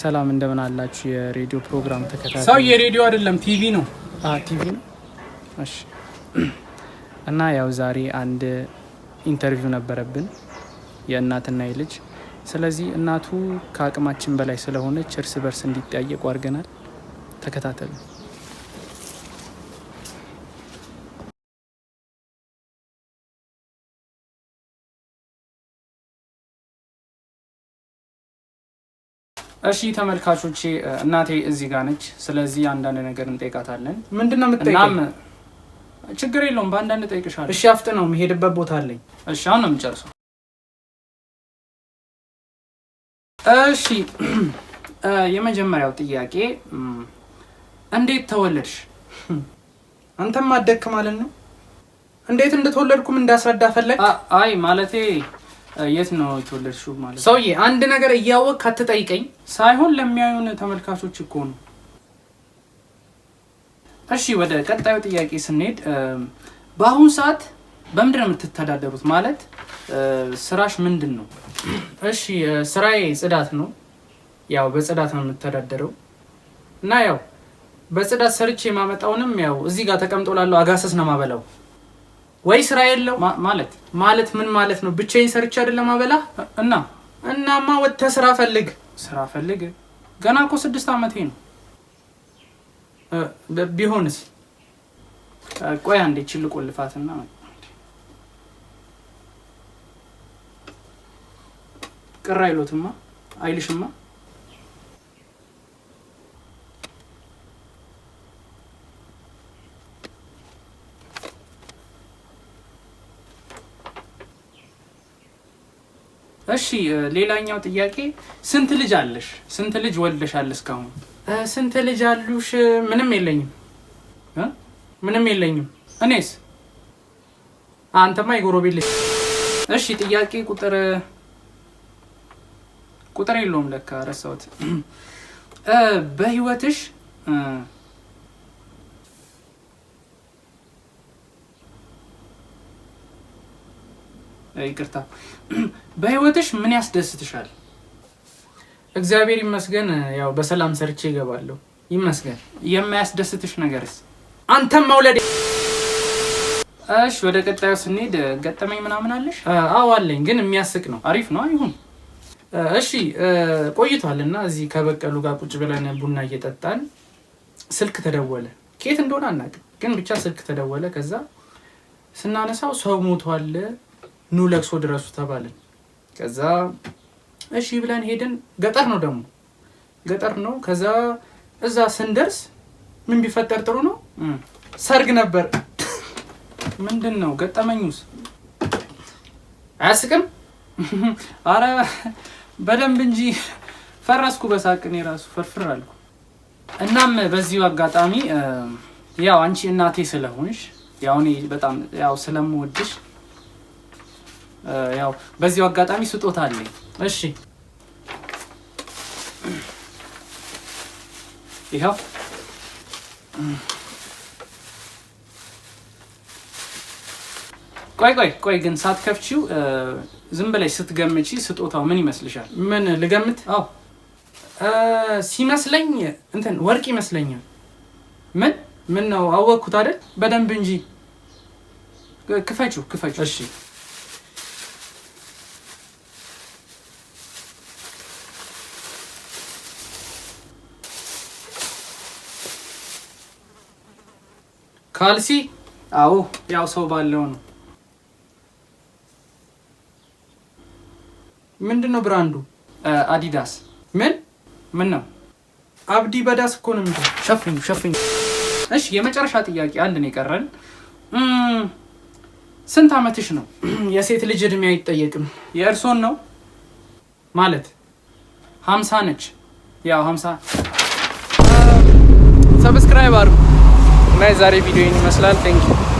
ሰላም እንደምን አላችሁ? የሬዲዮ ፕሮግራም ተከታታይ ሰው የሬዲዮ አይደለም ቲቪ ነው ቲቪ ነው። እሺ። እና ያው ዛሬ አንድ ኢንተርቪው ነበረብን የእናትና የልጅ ስለዚህ እናቱ ከአቅማችን በላይ ስለሆነች እርስ በርስ እንዲጠያየቁ አድርገናል። ተከታተሉ። እሺ ተመልካቾቼ እናቴ እዚህ ጋር ነች። ስለዚህ አንዳንድ ነገር እንጠይቃታለን። ምንድን ነው የምትጠይቀኝ? ችግር የለውም በአንዳንድ ጠይቅሻለሁ። እሺ አፍጥ ነው የምሄድበት ቦታ አለኝ። እሺ አሁን ነው የምጨርሰው። እሺ የመጀመሪያው ጥያቄ እንዴት ተወለድሽ? አንተም አደግክ ማለት ነው። እንዴት እንደተወለድኩም እንዳስረዳ ፈለግ? አይ ማለቴ የት ነው የተወለድሽው? ማለት ሰውዬ አንድ ነገር እያወቅ አትጠይቀኝ። ሳይሆን ለሚያዩን ተመልካቾች እኮ ነው። እሺ ወደ ቀጣዩ ጥያቄ ስንሄድ በአሁኑ ሰዓት በምንድን ነው የምትተዳደሩት? ማለት ስራሽ ምንድን ነው? እሺ ስራዬ ጽዳት ነው። ያው በጽዳት ነው የምተዳደረው እና ያው በጽዳት ሰርቼ የማመጣውንም ያው እዚህ ጋር ተቀምጦ ላለው አጋሰስ ነው ማበላው ወይ ስራ የለው ማለት ማለት ምን ማለት ነው? ብቻዬን ሰርቼ አይደለም አበላ እና እናማ ወጥተህ ስራ ፈልግ። ስራ ፈልግ? ገና እኮ ስድስት ዓመቴ ነው። ቢሆንስ? ቆይ አንዴ ችልቆ ልፋትና ቅር አይሎትማ አይልሽማ እሺ ሌላኛው ጥያቄ ስንት ልጅ አለሽ? ስንት ልጅ ወልደሻል እስካሁን? ስንት ልጅ አሉሽ? ምንም የለኝም፣ ምንም የለኝም። እኔስ? አንተማ የጎረቤ ልጅ። እሺ ጥያቄ ቁጥር ቁጥር የለውም ለካ ረሳሁት። በህይወትሽ ይቅርታ፣ በህይወትሽ ምን ያስደስትሻል? እግዚአብሔር ይመስገን፣ ያው በሰላም ሰርቼ ይገባለሁ። ይመስገን። የማያስደስትሽ ነገርስ? አንተም መውለድ። እሺ፣ ወደ ቀጣዩ ስንሄድ ገጠመኝ ምናምን አለሽ? አዎ አለኝ፣ ግን የሚያስቅ ነው። አሪፍ ነው። አይሁን። እሺ፣ ቆይቷል እና እዚህ ከበቀሉ ጋር ቁጭ ብለን ቡና እየጠጣን ስልክ ተደወለ። ኬት እንደሆነ አናውቅም፣ ግን ብቻ ስልክ ተደወለ። ከዛ ስናነሳው ሰው ሞቷል ኑ ለቅሶ ድረሱ ተባለን። ከዛ እሺ ብለን ሄድን ገጠር ነው ደግሞ ገጠር ነው። ከዛ እዛ ስንደርስ ምን ቢፈጠር ጥሩ ነው? ሰርግ ነበር። ምንድን ነው ገጠመኙስ? አያስቅም? አረ በደንብ እንጂ ፈረስኩ በሳቅን የራሱ ፍርፍር አልኩ። እናም በዚሁ አጋጣሚ ያው አንቺ እናቴ ስለሆንሽ ያው እኔ በጣም ያው ስለምወድሽ ያው በዚሁ አጋጣሚ ስጦታ አለኝ። እሺ ይኸው ቆይ ቆይ ቆይ ግን ሳትከፍቺው ዝም ብለሽ ስትገምቺ ስጦታው ምን ይመስልሻል? ምን ልገምት? አዎ ሲመስለኝ እንትን ወርቅ ይመስለኛል። ምን ምን ነው አወቅኩት አይደል? በደንብ እንጂ ክፈችው፣ ክፈችው። እሺ ካልሲ አዎ ያው ሰው ባለው ነው። ምንድን ነው ብራንዱ? አዲዳስ። ምን ምን ነው አብዲ በዳስ እኮ ነው የሚለው። ሸፍኝ ሸፍኝ። እሺ የመጨረሻ ጥያቄ አንድ ነው የቀረን። ስንት አመትሽ ነው? የሴት ልጅ እድሜ አይጠየቅም። የእርሶን ነው ማለት ሀምሳ ነች። ያው ሀምሳ ሰብስክራይብ አድርጉ። እና የዛሬ ቪዲዮ ይህን ይመስላል። ቴንኪው